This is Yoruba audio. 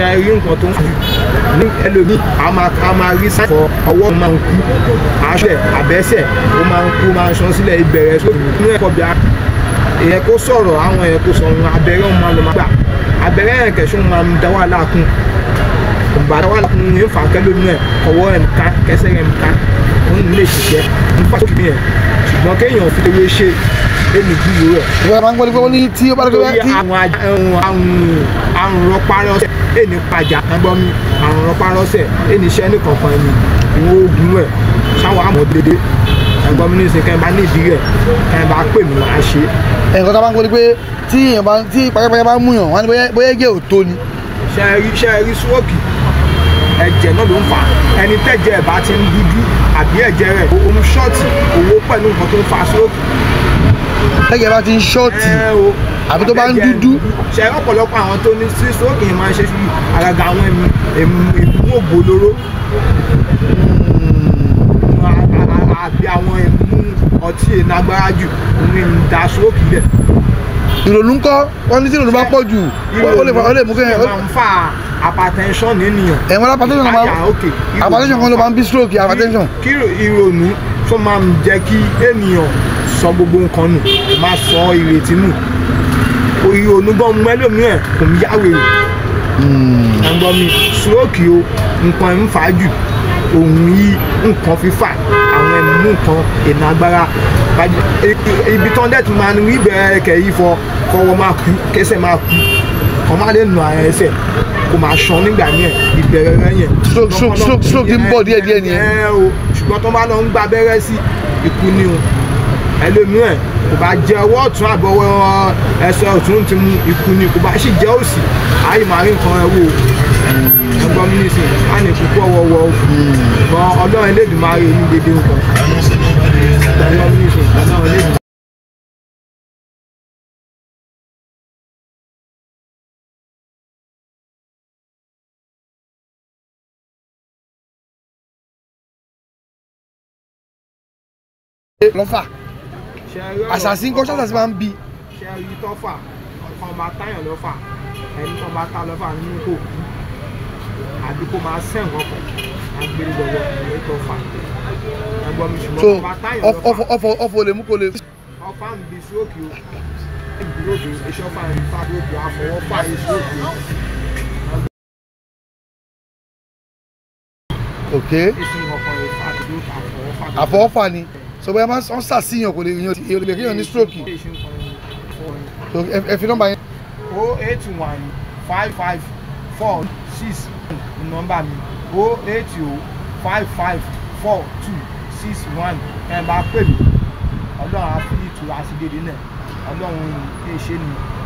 ṣe rí nǹkan tó ń sọ ní ẹlòmíì a máa a máa rí sáfọ ọwọ́ máa ń kú aṣọ àbẹ́sẹ̀ ó máa ń kú máa ń ṣan sílẹ̀ ìbẹ̀rẹ̀ sóòtù inú ẹ̀kọ́ bí èèyàn kó sọ̀rọ̀ àwọn èèyàn kó sọ̀rọ̀ abẹ́rẹ́ ọmọ ló máa gbà abẹ́rẹ́ yẹn kẹ̀sùn máa ń dá wà láàkún ìgbà dá wà láàkún ní fà kẹ́lómi ẹ̀ ọwọ́ ẹ̀ ń ká kẹsẹ̀ ẹ̀ ń ká òun lè ṣiṣẹ́ nípa tó kì í yẹn ṣùgbọ́n kéèyàn fi ewé ṣe èmi ju yòó rẹ̀. ìwé máa ń gbọ́ ni pé wọ́n ní tí ó bá dé pé wọ́n ti. àwọn àrùn rọpárọsẹ̀ èmi pàjà ẹgbọ́n mi àrùn rọpárọsẹ̀ èmi iṣẹ́ nìkankan ni. ìwọ oògùn rẹ̀ sáwọn àmọ̀ dédé ẹgbọ́n mi ní ìsìn kẹ́ńbà ní ìdí rẹ̀ kẹ́ńbà pè mí máa ṣe. ẹ̀ǹkan tó bá ń gbọ́ ni pé tí èèyàn bá tí pàjápàjá bá mú yàn wọ́n ní bóyá ẹgẹ́ ò tó ni. ṣe é rí ṣe é rí súwọ́ọ̀kì ẹ̀jẹ̀ náà ló ń fà á ẹni tẹ́jẹ̀ ẹ̀ bá ti ń dúdú àbí ẹ̀jẹ̀ rẹ̀ òun ṣọ́ọ̀tì owó pẹ̀lú nǹkan tó ń fa súwọ́ọ̀kì tẹ́jẹ̀ bá ti ń ṣọ́ọ̀tì àbí tó bá ń dúdú. ṣe ọ̀pọ̀lọpọ̀ àwọn tó ní sí sókè máa ń ṣe fi àgàgà àwọn ìmú ògbó lóró àbí hmm. àwọn ìmú ọtí ìnagbára jù ní ìdásókè lẹ̀ ìrònú ńkọ́ wọ́n ní tí ìrònú bá pọ̀ jù ó lè ó lè mú kéèyàn. ìrònú fa hypertension nìyẹn. ẹ̀wọ̀n hypertension náà máa ah, hypertension kan ló máa ń bí stroke hypertension. kí ìrònú tó máa ń jẹ́ kí ènìyàn sọ gbogbo nǹkan nù má sọ ìrètí nù oyè onígbọ̀n mẹ́lòmíràn kò ń yáwèrè hmm. ẹ̀gbọ́n mi sùrọ́ọ̀kì o nǹkan ń fà á jù òun yí nǹkan fífà àwọn ẹ̀mú nǹkan ìnà agbára ibi tán dẹ́tù máa ní wíbẹ̀rẹ̀ kẹ̀ yìí fọ kọ́wọ́ máa kú kẹsẹ̀ máa kú kọ́ máa lè nù ara ẹsẹ̀ kò máa ṣan nígbà yẹn ìbẹ̀rẹ̀ rẹ̀ yẹn. stroke stroke stroke ti ń bọ̀ díẹ̀díẹ̀ nìyẹn. ṣùgbọ́n tó bá lọ ń gba abẹ́rẹ́ sí ikú ni o ẹlòmíràn kò bá jẹ ọwọ́ ọ̀tún àbọ̀wọ́ ẹsẹ̀ ọ̀tún ti mu ikú ni kò bá sì jẹ́ òsì àyè máa rí nǹkan ẹwọ́ ẹgbọ́n mi nìsín á ní kúkú ọwọ́wọ́ ṣùgbọ́n ọlọ́run Elédùmarè ní dédé nǹkan ọlọ́run nìsín ọlọ́run Elédùmarè. lọ́fà àṣàṣì ń kọ́ ṣàṣàṣì máa ń bi. ṣe ẹyí tó fà ọkàn máa táyàn lọ fà ẹni tó máa ta lọ fà nínú kò kú àbí kó máa sẹ́wọ̀n ọkọ̀ agbèrè lọ́wọ́ ẹni tó fà ẹgbọ́n mi ṣùgbọ́n ọkàn máa táyàn lọ fà. ọfọ ọfọ olè mú kó lè. ọfà ń bi sí òkè o ìdúró de ìṣọ́fà ìfà lóde àfọwọ́fà ìṣòkè. ok. ìṣòwò ọkọ̀ ìfà lóde àfọwọ́fà. àfọwọ́fà ni so bóyá wọ́n ṣàṣìyàn kò lè yan ti olùgbé kéèyàn ní stroke so ẹ fi nọ́mbà yẹn. o oh eight one five five four six nọ́mbà mi o oh eight o five five four two six one ẹ bá pè mí ọlọ́run á fi ìtura sí dédé náà ọlọ́run kì í ṣe nìyẹn.